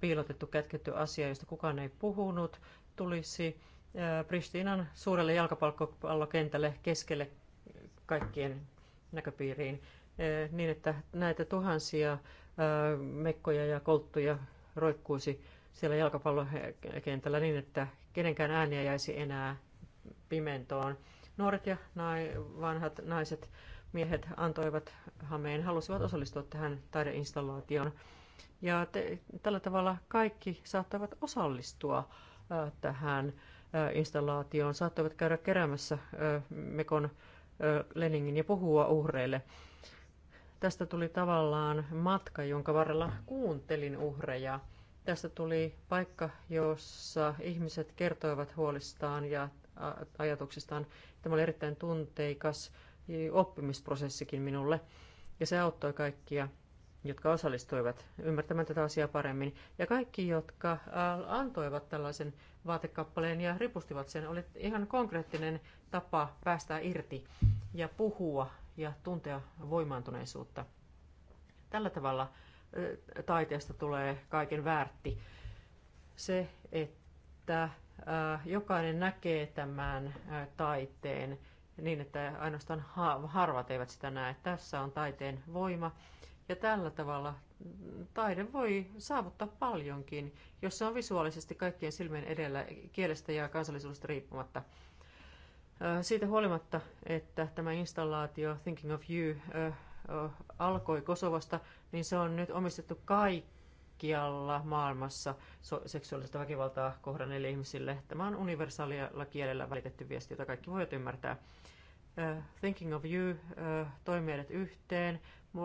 piilotettu, kätketty asia, josta kukaan ei puhunut, tulisi Pristiinan suurelle jalkapallokentälle keskelle kaikkien näköpiiriin niin, että näitä tuhansia mekkoja ja kolttuja roikkuisi siellä jalkapallokentällä niin, että kenenkään ääniä jäisi enää pimentoon. Nuoret ja nai, vanhat naiset, miehet antoivat hameen, halusivat osallistua tähän taideinstallaatioon. Ja te, tällä tavalla kaikki saattavat osallistua ää, tähän installaatioon, saattoivat käydä keräämässä Mekon Leningin ja puhua uhreille. Tästä tuli tavallaan matka, jonka varrella kuuntelin uhreja. Tästä tuli paikka, jossa ihmiset kertoivat huolistaan ja ajatuksistaan. Tämä oli erittäin tunteikas oppimisprosessikin minulle ja se auttoi kaikkia jotka osallistuivat ymmärtämään tätä asiaa paremmin. Ja kaikki, jotka antoivat tällaisen vaatekappaleen ja ripustivat sen, oli ihan konkreettinen tapa päästä irti ja puhua ja tuntea voimaantuneisuutta. Tällä tavalla taiteesta tulee kaiken väärti. Se, että jokainen näkee tämän taiteen niin, että ainoastaan harvat eivät sitä näe. Tässä on taiteen voima ja tällä tavalla taide voi saavuttaa paljonkin, jos se on visuaalisesti kaikkien silmien edellä kielestä ja kansallisuudesta riippumatta. Siitä huolimatta, että tämä installaatio Thinking of You alkoi Kosovasta, niin se on nyt omistettu kaikkialla maailmassa seksuaalista väkivaltaa kohdanneille ihmisille. Tämä on universaalia kielellä välitetty viesti, jota kaikki voivat ymmärtää. Äh, Thinking of You äh, toimijat yhteen.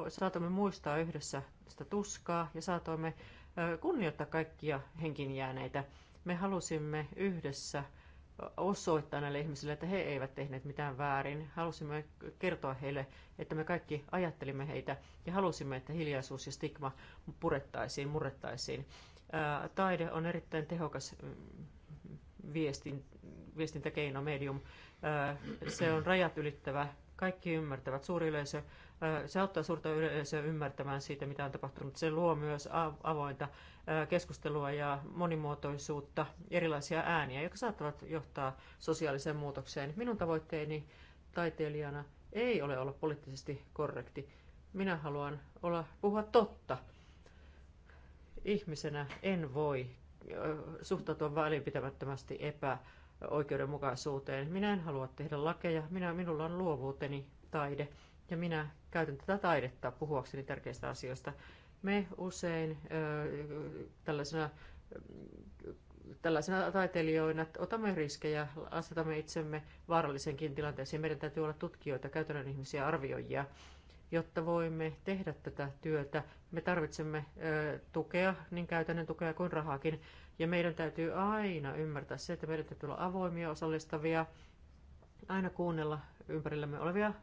Saatamme muistaa yhdessä sitä tuskaa ja saatoimme äh, kunnioittaa kaikkia henkinjääneitä. Me halusimme yhdessä osoittaa näille ihmisille, että he eivät tehneet mitään väärin. Halusimme kertoa heille, että me kaikki ajattelimme heitä ja halusimme, että hiljaisuus ja stigma purettaisiin, murrettaisiin. Taide on erittäin tehokas mm, viestintäkeino, medium, se on rajat ylittävä, kaikki ymmärtävät, suuri yleisö, se auttaa suurta yleisöä ymmärtämään siitä, mitä on tapahtunut. Se luo myös avointa keskustelua ja monimuotoisuutta, erilaisia ääniä, jotka saattavat johtaa sosiaaliseen muutokseen. Minun tavoitteeni taiteilijana ei ole olla poliittisesti korrekti. Minä haluan olla puhua totta. Ihmisenä en voi suhtautua välinpitämättömästi epä oikeudenmukaisuuteen. Minä en halua tehdä lakeja, minä, minulla on luovuuteni taide ja minä käytän tätä taidetta puhuakseni tärkeistä asioista. Me usein ö, tällaisena, tällaisena taiteilijoina otamme riskejä, asetamme itsemme vaarallisenkin tilanteeseen. Meidän täytyy olla tutkijoita, käytännön ihmisiä, arvioijia, jotta voimme tehdä tätä työtä. Me tarvitsemme ö, tukea, niin käytännön tukea kuin rahakin. Ja meidän täytyy aina ymmärtää se, että meidän täytyy olla avoimia, osallistavia, aina kuunnella ympärillämme olevia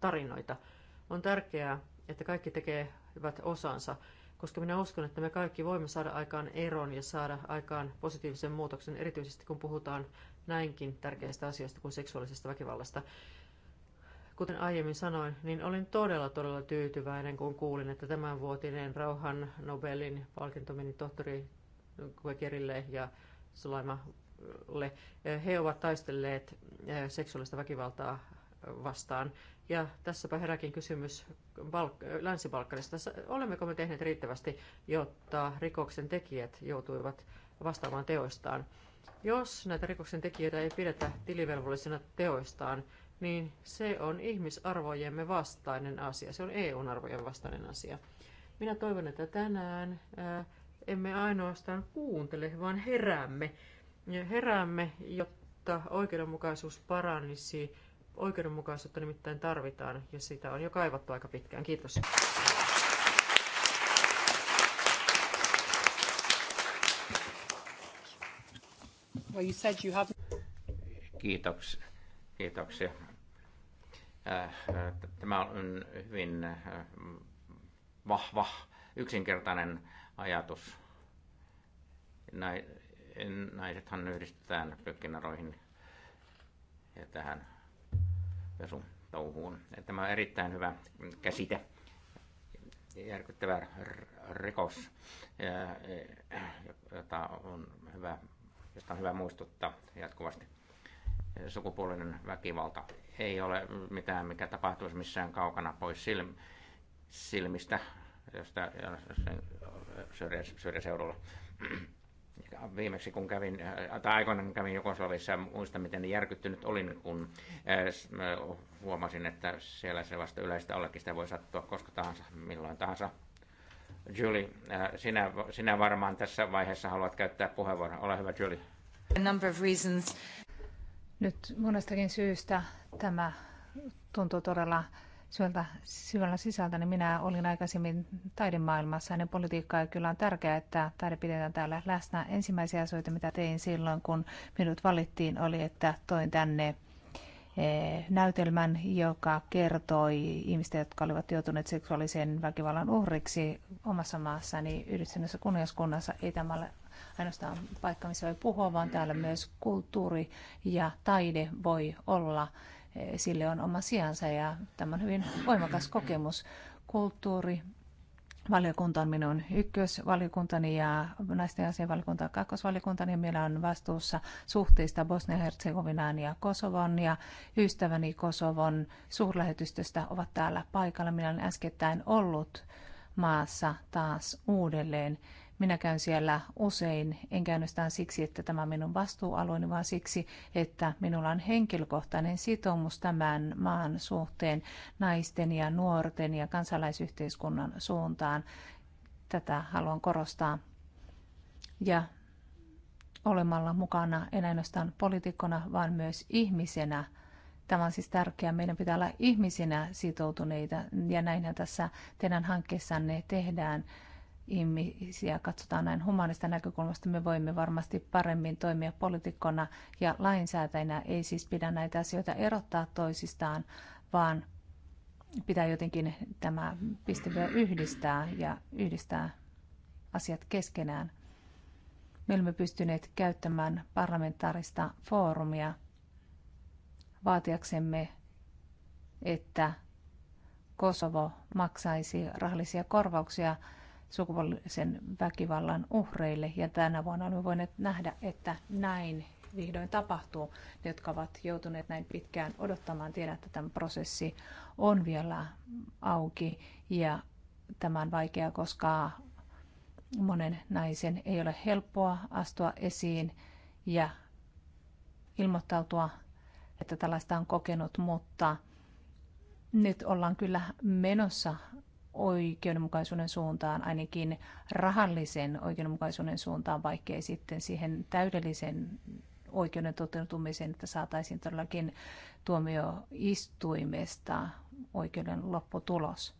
tarinoita. On tärkeää, että kaikki tekevät osansa, koska minä uskon, että me kaikki voimme saada aikaan eron ja saada aikaan positiivisen muutoksen, erityisesti kun puhutaan näinkin tärkeistä asioista kuin seksuaalisesta väkivallasta. Kuten aiemmin sanoin, niin olin todella todella tyytyväinen, kun kuulin, että tämänvuotinen Rauhan Nobelin palkinto meni tohtori Kuekerille ja Sulaimalle. He ovat taistelleet eh, seksuaalista väkivaltaa vastaan. Ja tässäpä herääkin kysymys Länsi-Balkanista. Olemmeko me tehneet riittävästi, jotta rikoksen tekijät joutuivat vastaamaan teoistaan? Jos näitä rikoksen tekijöitä ei pidetä tilivelvollisena teoistaan, niin se on ihmisarvojemme vastainen asia. Se on eu arvojen vastainen asia. Minä toivon, että tänään eh, emme ainoastaan kuuntele, vaan heräämme. ja Heräämme, jotta oikeudenmukaisuus paranisi. Oikeudenmukaisuutta nimittäin tarvitaan ja sitä on jo kaivattu aika pitkään. Kiitos. Well, you said you have... kiitoksia. Äh, äh, tämä on hyvin äh, vahva, yksinkertainen ajatus. Naisethan yhdistetään pökkinaroihin ja tähän touhuun. Tämä on erittäin hyvä käsite. Järkyttävä rikos, jota on hyvä, josta on hyvä muistuttaa jatkuvasti. Sukupuolinen väkivalta ei ole mitään, mikä tapahtuisi missään kaukana pois silmistä josta, syrjäseudulla. Viimeksi kun kävin, tai aikoinaan kun kävin Jugoslavissa, muistan miten järkyttynyt olin, kun eh, huomasin, että siellä se vasta yleistä allekin sitä voi sattua koska tahansa, milloin tahansa. Julie, eh, sinä, sinä varmaan tässä vaiheessa haluat käyttää puheenvuoron. Ole hyvä, Julie. A number of reasons. Nyt monestakin syystä tämä tuntuu todella syvältä, syvällä sisältä, niin minä olin aikaisemmin taidemaailmassa. Ennen politiikkaa ja kyllä on tärkeää, että taide pidetään täällä läsnä. Ensimmäisiä asioita, mitä tein silloin, kun minut valittiin, oli, että toin tänne eh, näytelmän, joka kertoi ihmistä, jotka olivat joutuneet seksuaalisen väkivallan uhriksi omassa maassani yhdistyneessä kuningaskunnassa. Ei tämä ole ainoastaan paikka, missä voi puhua, vaan täällä myös kulttuuri ja taide voi olla sille on oma sijansa ja tämä on hyvin voimakas kokemus. Kulttuuri, Valiokunta on minun ykkösvaliokuntani ja naisten asianvaliokunta on kakkosvaliokuntani. Meillä on vastuussa suhteista Bosnia-Herzegovinaan ja Kosovon ja ystäväni Kosovon suurlähetystöstä ovat täällä paikalla. Minä olen äskettäin ollut maassa taas uudelleen minä käyn siellä usein, en käynnistään siksi, että tämä on minun vastuualueeni, vaan siksi, että minulla on henkilökohtainen sitoumus tämän maan suhteen naisten ja nuorten ja kansalaisyhteiskunnan suuntaan. Tätä haluan korostaa. Ja olemalla mukana en ainoastaan poliitikkona, vaan myös ihmisenä – Tämä on siis tärkeää. Meidän pitää olla ihmisinä sitoutuneita ja näinhän tässä teidän hankkeessanne tehdään ihmisiä katsotaan näin humanista näkökulmasta, me voimme varmasti paremmin toimia poliitikkona ja lainsäätäjänä, Ei siis pidä näitä asioita erottaa toisistaan, vaan pitää jotenkin tämä pistevyö yhdistää ja yhdistää asiat keskenään. Me olemme pystyneet käyttämään parlamentaarista foorumia vaatiaksemme, että Kosovo maksaisi rahallisia korvauksia – sukupuolisen väkivallan uhreille. Ja tänä vuonna olemme voineet nähdä, että näin vihdoin tapahtuu. Ne, jotka ovat joutuneet näin pitkään odottamaan, tiedät, että tämä prosessi on vielä auki ja tämä on vaikeaa, koska monen naisen ei ole helppoa astua esiin ja ilmoittautua, että tällaista on kokenut, mutta nyt ollaan kyllä menossa oikeudenmukaisuuden suuntaan, ainakin rahallisen oikeudenmukaisuuden suuntaan, vaikkei sitten siihen täydellisen oikeuden toteutumiseen, että saataisiin todellakin tuomioistuimesta oikeuden lopputulos.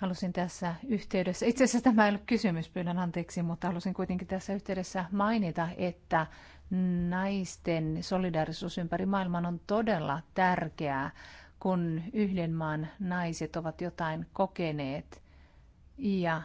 Halusin tässä yhteydessä, itse asiassa tämä ei ollut kysymys, pyydän anteeksi, mutta halusin kuitenkin tässä yhteydessä mainita, että naisten solidaarisuus ympäri maailman on todella tärkeää kun yhden maan naiset ovat jotain kokeneet ja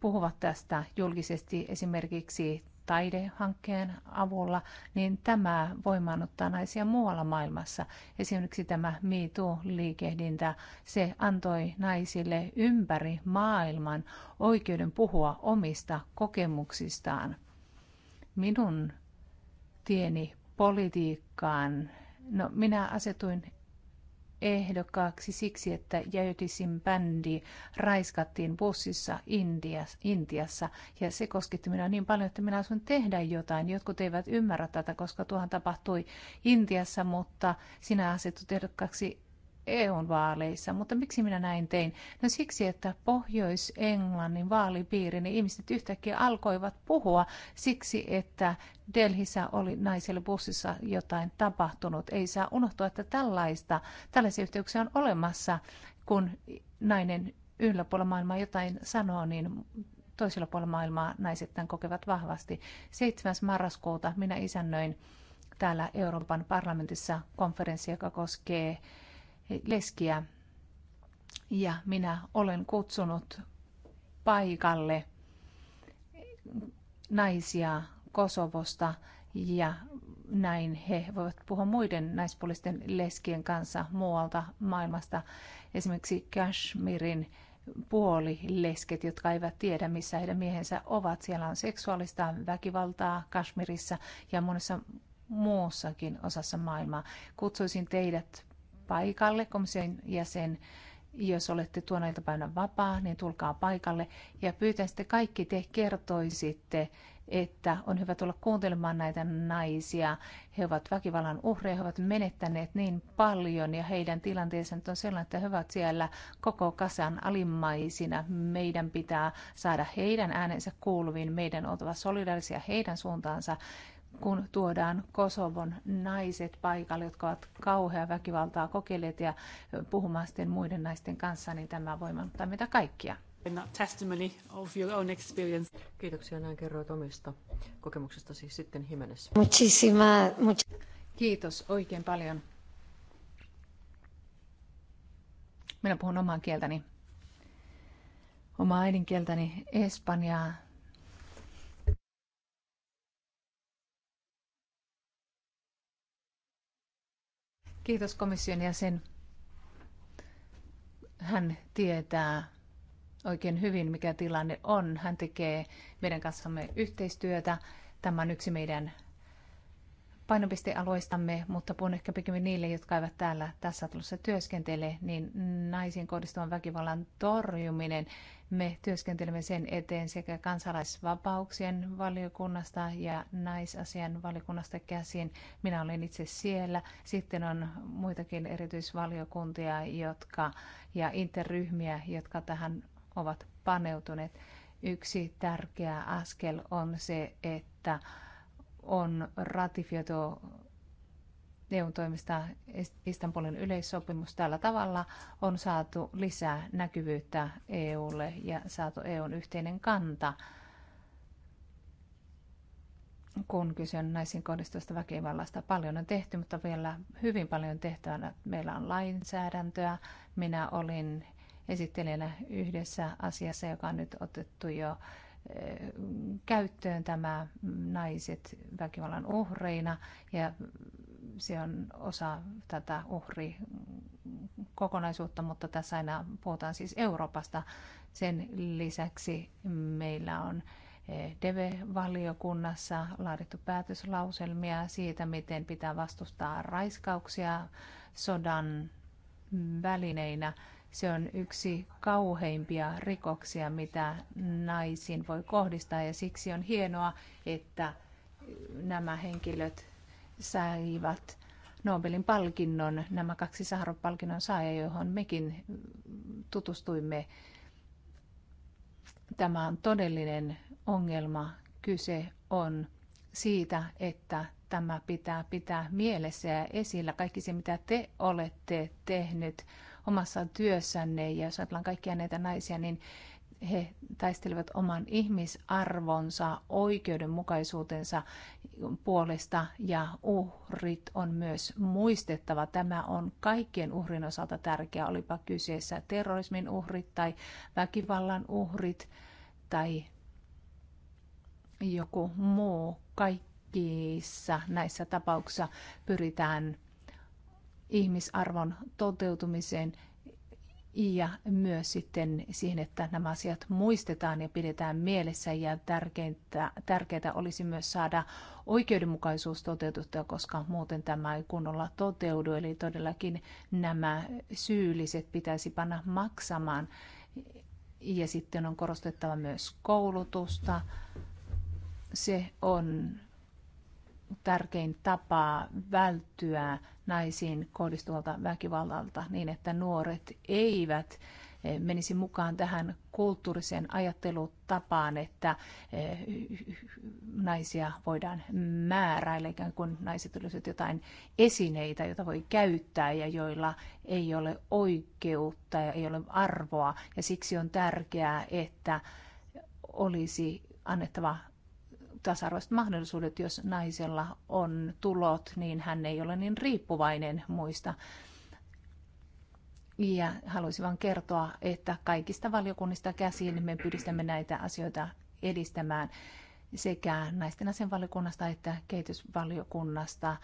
puhuvat tästä julkisesti esimerkiksi taidehankkeen avulla, niin tämä voimaannuttaa naisia muualla maailmassa. Esimerkiksi tämä MeToo-liikehdintä, se antoi naisille ympäri maailman oikeuden puhua omista kokemuksistaan. Minun tieni politiikkaan, no minä asetuin ehdokkaaksi siksi, että Jaydisin bändi raiskattiin bussissa Indias, Intiassa. Ja se kosketti minua niin paljon, että minä asun tehdä jotain. Jotkut eivät ymmärrä tätä, koska tuohan tapahtui Intiassa, mutta sinä asetut ehdokkaaksi EU-vaaleissa. Mutta miksi minä näin tein? No siksi, että Pohjois-Englannin vaalipiiri, niin ihmiset yhtäkkiä alkoivat puhua siksi, että Delhissä oli naisille bussissa jotain tapahtunut. Ei saa unohtua, että tällaista, tällaisia yhteyksiä on olemassa, kun nainen yläpuolella maailmaa jotain sanoo, niin toisella puolella maailmaa naiset tämän kokevat vahvasti. 7. marraskuuta minä isännöin täällä Euroopan parlamentissa konferenssi, joka koskee leskiä. Ja minä olen kutsunut paikalle naisia Kosovosta ja näin he voivat puhua muiden naispuolisten leskien kanssa muualta maailmasta. Esimerkiksi Kashmirin puolilesket, jotka eivät tiedä, missä heidän miehensä ovat. Siellä on seksuaalista väkivaltaa Kashmirissa ja monessa muussakin osassa maailmaa. Kutsuisin teidät paikalle, komission jäsen. Jos olette tuona iltapäivänä vapaa, niin tulkaa paikalle. Ja pyytän sitten kaikki te kertoisitte, että on hyvä tulla kuuntelemaan näitä naisia. He ovat väkivallan uhreja, he ovat menettäneet niin paljon ja heidän tilanteensa nyt on sellainen, että he ovat siellä koko kasan alimmaisina. Meidän pitää saada heidän äänensä kuuluviin, meidän on oltava solidaarisia heidän suuntaansa kun tuodaan Kosovon naiset paikalle, jotka ovat kauhea väkivaltaa kokeilleet ja puhumaan sitten muiden naisten kanssa, niin tämä voimauttaa meitä kaikkia. Kiitoksia, näin kerroit omista kokemuksesta siis sitten Himenes. Kiitos oikein paljon. Minä puhun omaa kieltäni, omaa äidinkieltäni espanjaa Kiitos komission jäsen. Hän tietää oikein hyvin, mikä tilanne on. Hän tekee meidän kanssamme yhteistyötä. Tämä on yksi meidän painopistealueistamme, mutta puhun ehkä pikemmin niille, jotka eivät täällä tässä tulossa työskentele, niin naisiin kohdistuvan väkivallan torjuminen. Me työskentelemme sen eteen sekä kansalaisvapauksien valiokunnasta ja naisasian valiokunnasta käsin. Minä olen itse siellä. Sitten on muitakin erityisvaliokuntia jotka, ja interryhmiä, jotka tähän ovat paneutuneet. Yksi tärkeä askel on se, että on ratifioitu EUn toimista Istanbulin yleissopimus tällä tavalla on saatu lisää näkyvyyttä EUlle ja saatu EUn yhteinen kanta, kun kyse on naisiin kohdistuvasta väkivallasta. Paljon on tehty, mutta vielä hyvin paljon tehtävänä. Meillä on lainsäädäntöä. Minä olin esittelijänä yhdessä asiassa, joka on nyt otettu jo Eh, käyttöön tämä naiset väkivallan uhreina ja se on osa tätä uhri kokonaisuutta, mutta tässä aina puhutaan siis Euroopasta. Sen lisäksi meillä on eh, DEVE-valiokunnassa laadittu päätöslauselmia siitä, miten pitää vastustaa raiskauksia sodan välineinä se on yksi kauheimpia rikoksia, mitä naisiin voi kohdistaa ja siksi on hienoa, että nämä henkilöt saivat Nobelin palkinnon, nämä kaksi Saharov-palkinnon saajaa, johon mekin tutustuimme. Tämä on todellinen ongelma. Kyse on siitä, että tämä pitää pitää mielessä ja esillä. Kaikki se, mitä te olette tehnyt, omassa työssänne. Ja jos ajatellaan kaikkia näitä naisia, niin he taistelivat oman ihmisarvonsa, oikeudenmukaisuutensa puolesta ja uhrit on myös muistettava. Tämä on kaikkien uhrin osalta tärkeää, olipa kyseessä terrorismin uhrit tai väkivallan uhrit tai joku muu. Kaikkiissa näissä tapauksissa pyritään ihmisarvon toteutumiseen ja myös sitten siihen, että nämä asiat muistetaan ja pidetään mielessä. Ja tärkeintä, tärkeää olisi myös saada oikeudenmukaisuus toteutettua, koska muuten tämä ei kunnolla toteudu. Eli todellakin nämä syylliset pitäisi panna maksamaan. Ja sitten on korostettava myös koulutusta. Se on tärkein tapa välttyä naisiin kohdistuvalta väkivallalta niin, että nuoret eivät eh, menisi mukaan tähän kulttuuriseen ajattelutapaan, että eh, naisia voidaan määräillä, ikään kuin naiset olisivat jotain esineitä, joita voi käyttää ja joilla ei ole oikeutta ja ei ole arvoa. Ja siksi on tärkeää, että olisi annettava tasa-arvoiset mahdollisuudet, jos naisella on tulot, niin hän ei ole niin riippuvainen muista. Ja haluaisin vain kertoa, että kaikista valiokunnista käsin me pyristämme näitä asioita edistämään sekä naisten asianvaliokunnasta valiokunnasta että kehitysvaliokunnasta.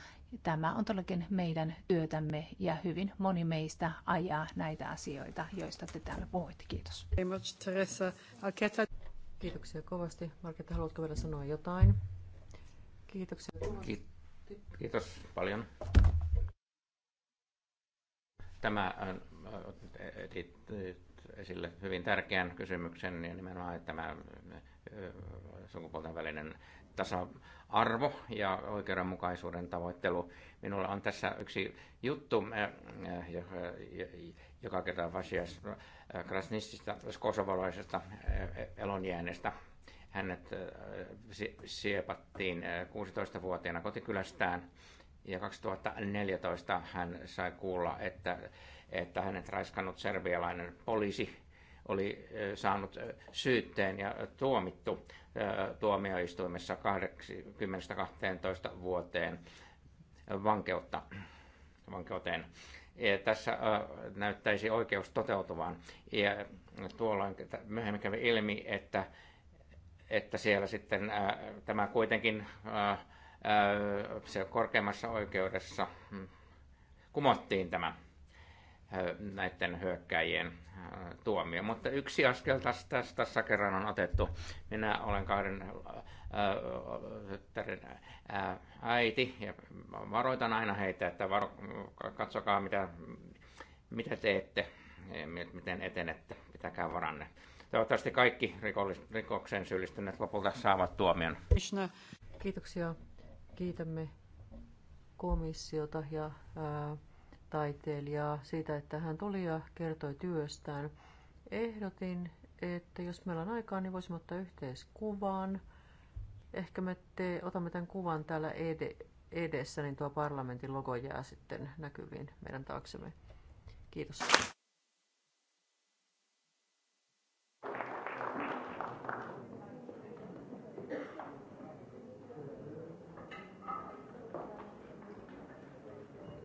Tämä on todellakin meidän työtämme ja hyvin moni meistä ajaa näitä asioita, joista te täällä puhuitte. Kiitos. Kiitoksia kovasti. Marketta, haluatko vielä sanoa jotain? Kiitoksia kovasti. Kiitos paljon. Tämä äh, äh, esille hyvin tärkeän kysymyksen ja nimenomaan tämä äh, sukupuolten välinen tasa-arvo ja oikeudenmukaisuuden tavoittelu Minulla on tässä yksi juttu, eh, eh, joka kertaa Vasias eh, Krasnistista, kosovalaisesta elonjäänestä. Hänet siepattiin 16-vuotiaana kotikylästään ja 2014 hän sai kuulla, että, että hänet raiskannut serbialainen poliisi oli saanut syytteen ja tuomittu tuomioistuimessa 12 vuoteen vankeutta, vankeuteen. Ja tässä äh, näyttäisi oikeus toteutuvan. Ja tuolloin myöhemmin kävi ilmi, että, että siellä sitten äh, tämä kuitenkin äh, se korkeimmassa oikeudessa mm, kumottiin tämä näiden hyökkäjien tuomio. Mutta yksi askel tässä, tässä kerran on otettu. Minä olen kahden tyttären äiti. Ja varoitan aina heitä, että varo, katsokaa mitä, mitä teette, miten etenette, pitäkää varanne. Toivottavasti kaikki rikollis, rikokseen syyllistyneet lopulta saavat tuomion. Kiitoksia. Kiitämme komissiota ja ää, taiteilijaa siitä, että hän tuli ja kertoi työstään. Ehdotin, että jos meillä on aikaa, niin voisimme ottaa yhteiskuvan Ehkä me te, otamme tämän kuvan täällä ed, edessä, niin tuo parlamentin logo jää sitten näkyviin meidän taaksemme. Kiitos.